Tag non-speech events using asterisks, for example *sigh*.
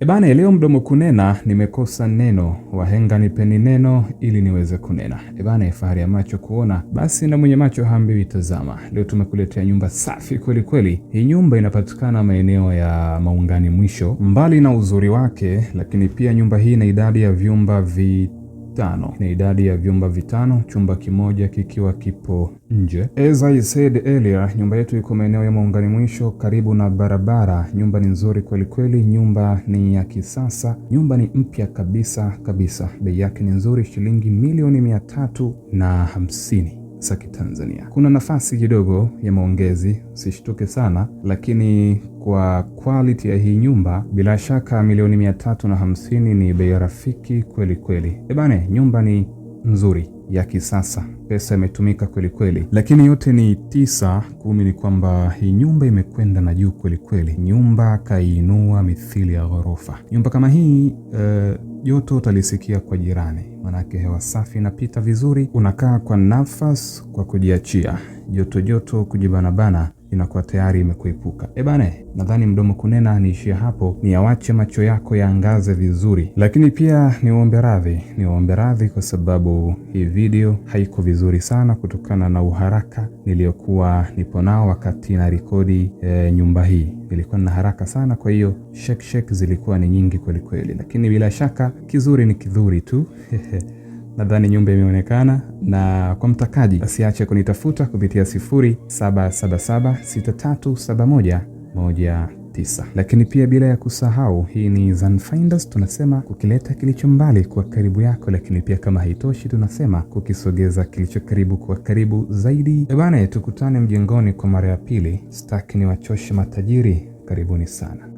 Ebana, leo mdomo kunena, nimekosa neno, wahenga nipeni neno ili niweze kunena. Ebana, fahari ya macho kuona, basi na mwenye macho haambiwi tazama. Leo tumekuletea nyumba safi kweli kweli. Hii nyumba inapatikana maeneo ya Maungani Mwisho. Mbali na uzuri wake, lakini pia nyumba hii ina idadi ya vyumba vi tano ni idadi ya vyumba vitano, chumba kimoja kikiwa kipo nje. As I said earlier, nyumba yetu iko maeneo ya Maungani mwisho karibu na barabara. Nyumba ni nzuri kweli kweli, nyumba ni ya kisasa, nyumba ni mpya kabisa kabisa. Bei yake ni nzuri, shilingi milioni mia tatu na hamsini za Kitanzania. Kuna nafasi kidogo ya maongezi, usishtuke sana, lakini kwa quality ya hii nyumba bila shaka milioni mia tatu na hamsini ni bei rafiki kweli kweli. Ebane, nyumba ni nzuri ya kisasa. Pesa imetumika kwelikweli, lakini yote ni tisa kumi ni kwamba hii nyumba imekwenda na juu kwelikweli. Nyumba kaiinua mithili ya ghorofa. Nyumba kama hii eh, joto uh, utalisikia kwa jirani, manake hewa safi inapita vizuri, unakaa kwa nafasi, kwa kujiachia joto joto, kujibanabana inakuwa tayari imekuepuka. E eh bane, nadhani mdomo kunena niishie hapo, awache macho yako yaangaze vizuri, lakini pia niwaombe radhi, niwaombe radhi kwa sababu hii video haiko vizuri sana kutokana na uharaka niliyokuwa nipo nao wakati na rekodi e, nyumba hii nilikuwa na haraka sana, kwa hiyo shekshek zilikuwa ni nyingi kwelikweli, lakini bila shaka kizuri ni kidhuri tu *laughs* nadhani nyumba imeonekana. Na kwa mtakaji, asiache kunitafuta kupitia 0777637119. Lakini pia bila ya kusahau, hii ni Zanfinders, tunasema kukileta kilicho mbali kwa karibu yako, lakini pia kama haitoshi, tunasema kukisogeza kilicho karibu kwa karibu zaidi. Ebane, tukutane mjengoni kwa mara ya pili. Staki ni wachoshe matajiri. Karibuni sana.